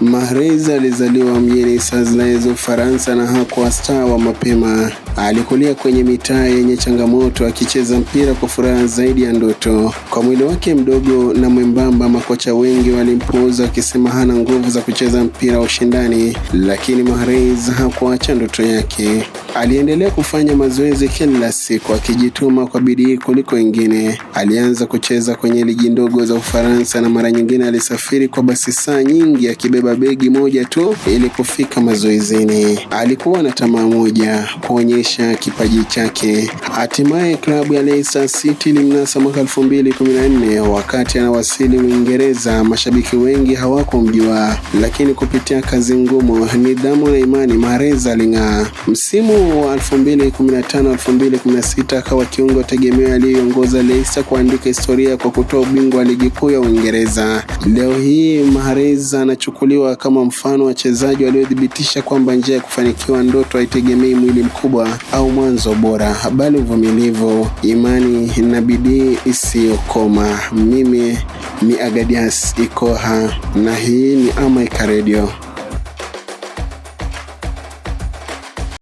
Mahrez alizaliwa mjini Sarlez, Ufaransa na hakuwa star wa mapema. Alikulia kwenye mitaa yenye changamoto akicheza mpira kwa furaha zaidi ya ndoto. Kwa mwili wake mdogo na mwembamba, makocha wengi walimpuuza wakisema hana nguvu za kucheza mpira wa ushindani, lakini Mahrez hakuacha ndoto yake. Aliendelea kufanya mazoezi kila siku akijituma kwa bidii kuliko wengine. Alianza kucheza kwenye ligi ndogo za Ufaransa na mara nyingine alisafiri kwa basi saa nyingi akibeba begi moja tu ili kufika mazoezini. Alikuwa na tamaa moja, kuonyesha kipaji chake. Hatimaye klabu ya Leicester City ilimnasa mwaka 2014 wakati anawasili Uingereza. Mashabiki wengi hawakumjua, lakini kupitia kazi ngumu, nidhamu na imani, Mahrez aling'aa. Msimu msimu wa 2015 2016 akawa kiungo tegemeo aliyeongoza Leicester kuandika historia kwa kutoa ubingwa wa ligi kuu ya Uingereza. Leo hii Mahrez anachukuliwa kama mfano wa wachezaji waliothibitisha kwamba njia ya kufanikiwa ndoto haitegemei mwili mkubwa au mwanzo bora, bali uvumilivu, imani na bidii isiyokoma. Mimi ni Agadias Ikoha na hii ni Amaika Radio.